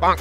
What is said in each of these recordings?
Bonk.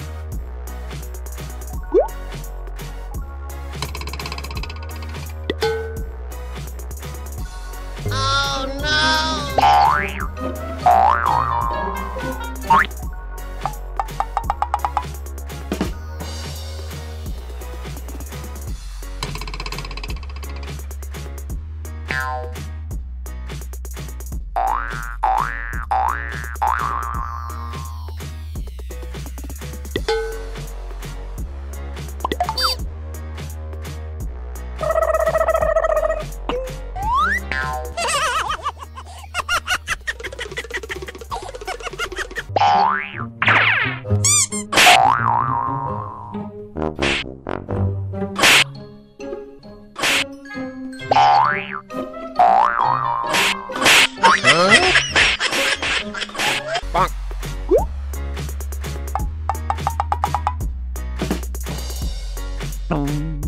phone.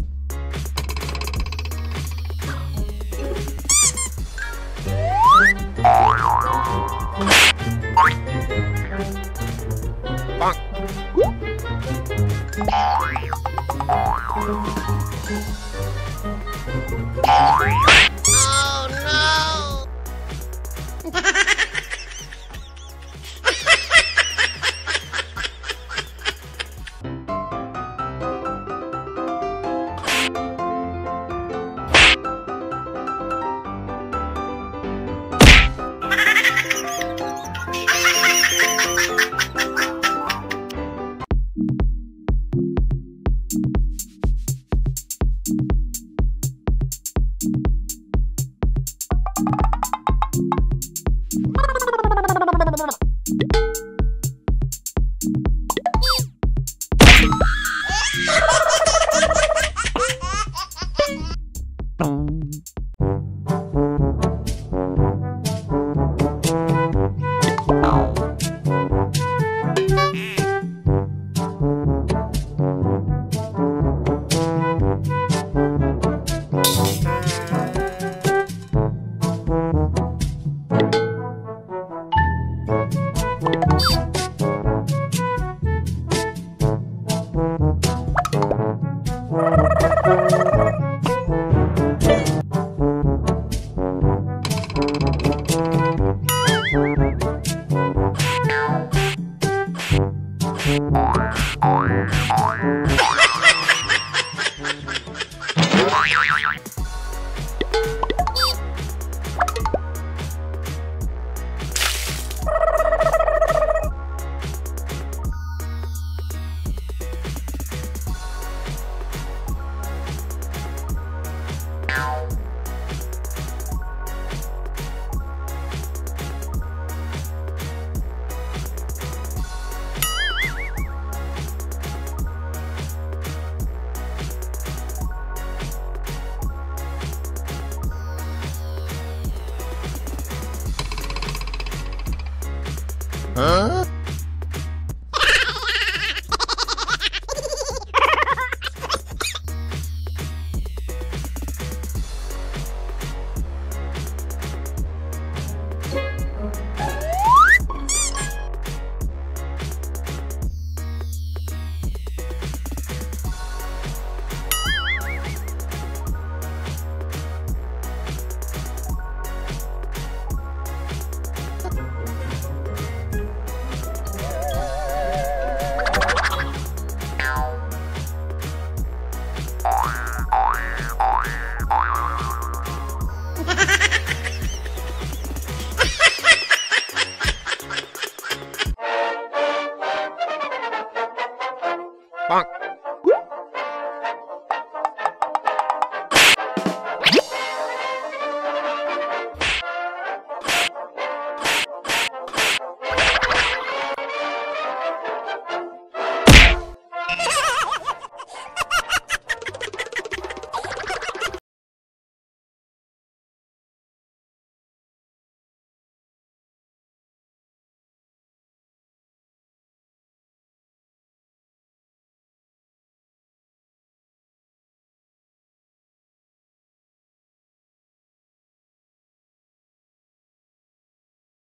咚 Huh?